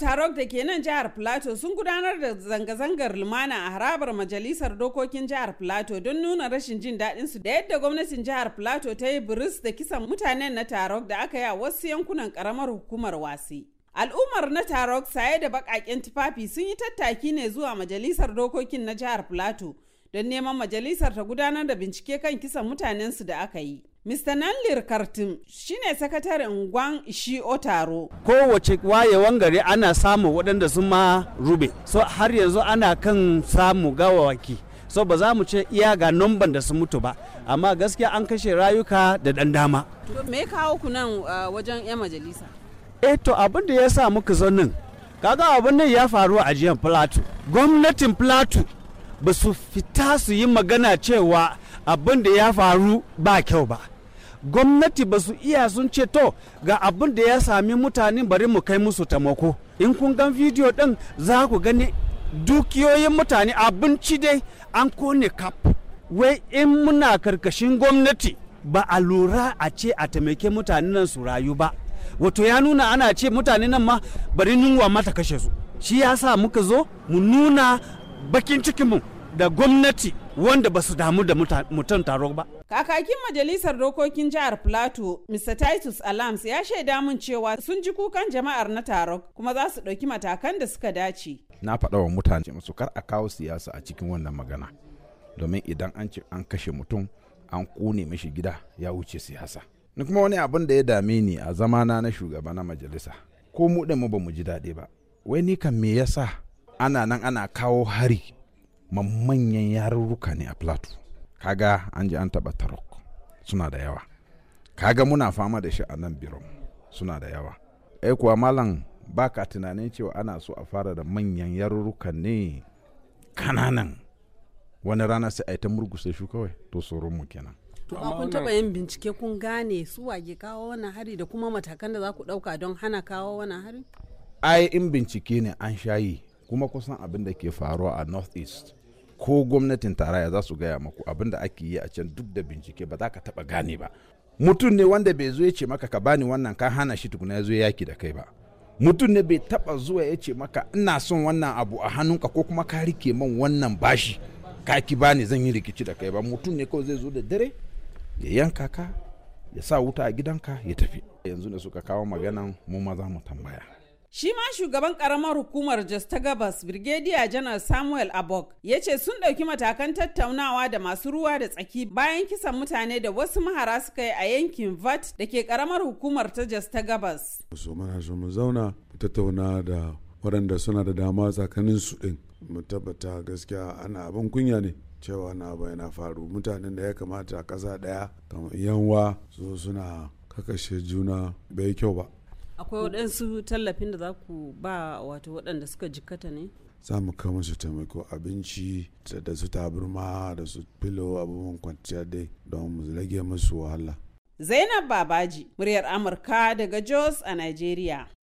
Tarok da ke nan jihar Plateau sun gudanar da zanga-zangar lumana a harabar majalisar dokokin jihar Plateau don nuna rashin jin daɗin su da yadda gwamnatin jihar Plateau ta yi biris da kisan mutanen na Tarok da aka yi a wasu yankunan karamar hukumar wasi. Al'ummar na Tarok saye da baƙaƙen tufafi sun yi tattaki ne zuwa majalisar dokokin na jihar Plateau don neman majalisar ta gudanar da bincike kan kisan mutanen su da aka yi. Mr. Nanlir Kartin shine sakataren Gwang Ishi Otaro. Kowace wayewan gari ana samu waɗanda sun ma rube. So har yanzu ana kan samu gawawaki. So ba za mu ce iya ga numban da sun mutu ba, amma gaskiya an kashe rayuka da ɗan dama. Me kawo ku nan uh, wajen 'yan majalisa? Eh to abin da ya sa muka zo kaga abin nan ya faru a jiyan Plateau. Gwamnatin Plateau ba su fita su yi magana cewa abin da ya faru ba kyau ba gwamnati ba su iya sun ce to ga abin da ya sami mutane bari mu kai musu tamako in kun gan bidiyo din za ku gani dukiyoyin mutane abinci dai an kone kap wai in muna karkashin gwamnati ba a lura a ce a taimake mutanen nan su rayu ba wato ya nuna ana ce mutane nan ma bari nunwa mata kashe su shi ya sa muka zo mu nuna bakin cikinmu da gwamnati wanda ba su damu da mutum taro ba. Kakakin Majalisar Dokokin Jihar Plateau, Mr. Titus Alams ya shaida mun cewa sun ji kukan jama'ar na taro kuma za su ɗauki matakan da suka dace. Na faɗa wa mutane masu kar a kawo siyasa a cikin wannan magana. Domin idan an ce an kashe mutum an kone mishi gida ya wuce siyasa. Ni kuma wani abin da ya dame ni a zamana na shugaba na majalisa. Ko mu mu ba mu ji daɗi ba. Wai ni kan me yasa ana nan ana kawo hari manyan yarurruka ne a plateau kaga an ji an taɓa tarok suna da yawa kaga muna fama da shi a nan biron suna da yawa ai eh kuwa malam ba ka tunanin cewa ana so a fara da manyan yarurruka ne kananan wani rana sai a yi ta murgusa shi kawai to tsoron mu kenan amma kun taba yin bincike kun gane su wage kawo wani hari da kuma matakan da za ku dauka don hana kawo wani hari ai in bincike ne an shayi kuma kusan abin da ke faruwa a north east ko gwamnatin taraya za su gaya maku abin da ake yi a can duk da bincike ba za ka taba gane ba mutum ne wanda bai zo ya ce maka ka bani wannan ka hana shi tukuna ya zo yaki da kai ba mutum ne bai taba zuwa ya ce maka ina son wannan abu a hannun ka ko kuma ka rike man wannan bashi ka ki bani zan yi rikici da kai ba mutum ne kawai zai zo da dare ya yanka ka ya sa wuta a gidanka ya tafi yanzu ne suka kawo maganan mu maza mu tambaya Shi ma shugaban karamar hukumar Jos ta Gabas, Brigadier Janar Samuel Abok, ya ce sun ɗauki matakan tattaunawa da masu ruwa da tsaki bayan kisan mutane da wasu mahara suka yi a yankin VAT da ke karamar hukumar ta Jos ta Gabas. Su mana su mu zauna mu tattauna da waɗanda suna da dama tsakanin su ɗin. Mu tabbata gaskiya ana abin kunya ne cewa na ba yana faru mutanen da ya kamata a ƙasa ɗaya kamar yanwa su suna kakashe juna bai kyau ba. akwai waɗansu tallafin da za ku ba wato waɗanda suka jikkata ne za mu kai musu taimako abinci da su taburma da su filo abubuwan kwanciya dai don mu rage musu wahala zainab babaji muryar amurka daga jos a nigeria